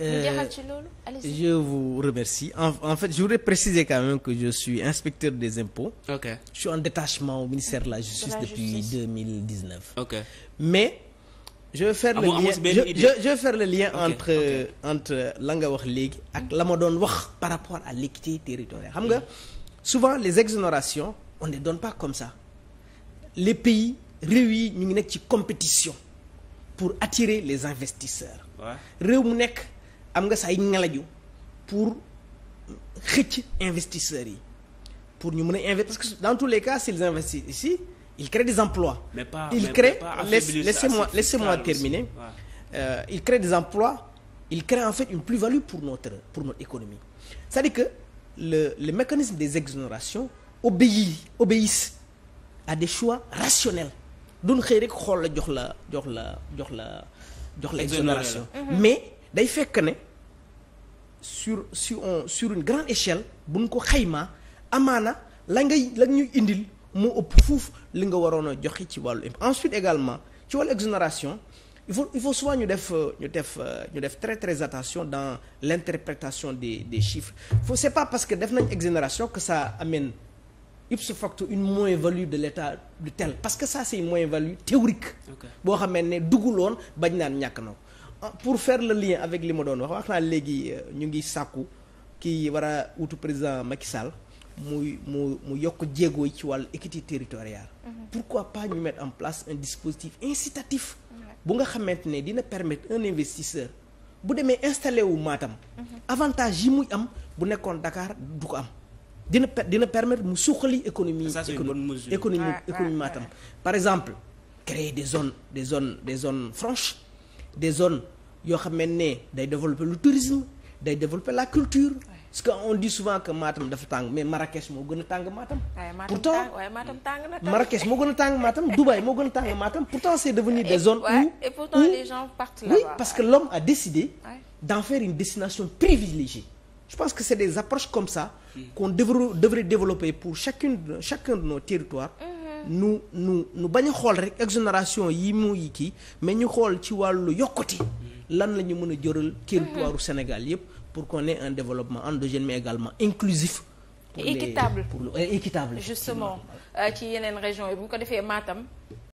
Euh, je vous remercie en, en fait je voudrais préciser quand même que je suis inspecteur des impôts. ok je suis en détachement au ministère de la justice. De la justice. depuis mais. Ah ah je vais faire le lien je, je, entre okay. entre la nga wax léegi ak mm. la ma doon wax par rapport à l'équité territoriale xam nga mm. souvent les exonérations on ne les donne pas comme ça les pays réew yi ñu ngi nekk ci compétition pour attirer les investisseurs réew mu nekk am nga say ngelaju pour xëcc investisseurs yi pour ñu mën a investir parce que dans tous les cas s'ils investissent ici ils créent des emplois mais pas ils créent laissez-moi laissez-moi terminer euh, ils créent des emplois ils créent en fait une plus-value pour notre pour notre économie c'est-à-dire que le le mécanisme des exonérations obéit obéissent à des choix rationnels duñ xëy rek xool la jox la jox la jox la jox la exonération mm-hmm. mais day fekk ne sur sur on sur une grande échelle buñ ko xaymaa amaana la ngay la ñuy indil moo ëpp fuuf li nga waroon a joxe ci wàllu impôt ensuite également ci wàllu exonération il faut il faut souvent ñu def ñu def ñu def très très attention dans l'interprétation des des chiffres faut c'est pas parce que def nañ exonération que ça amène ipso facto une moins-value de l'État de tel parce que ça c'est une moins-value théorique boo xamee ne duggu loon bañ naan ñàkk na ko Ah, pour faire le lien avec li ma doon wax wax naa léegi euh, ñu ngi sàkku kii war a wutu président Macky Sall muy mu mu yokk jéego yi ci wàll équité territoriale mhm. pourquoi pas ñu mettre en place un dispositif incitatif bu nga xamante ne dina permettre un investisseur bu demee installé wu Matam mhm. avantage yi muy am bu nekkoon dakaar du ko am dina dina permettre mu suqali économie économie économie Matam par exemple créer des zones des zone des zone franches des zones yoo xam ne day développer le tourisme day développer la culture. parce que on dit souvent que Matam dafa tàng mais Marrakech moo gën a tàng Matam. pourtant moo gën a tàng Matam Dubaï moo gën a tàng Matam pourtant c'est devenu des zones. où et pourtant les parce que l'homme a décidé. d'en faire une destination privilégiée. je pense que c'est des approches comme ça. Mm. qu'on devrait devrait développer pour chacune chacun de nos territoires. Mm. nu nu nu bañ a xool rek exonération yi muy kii mais ñu xool ci wàllu yokkute lan la ñu mën a jëral territoire mhm. Sénégal yëpp pour qu'on ait un développement endogène mais également inclusif pour équitable pour équitable justement euh, ci yeneen région yi bu ñu ko defee maatam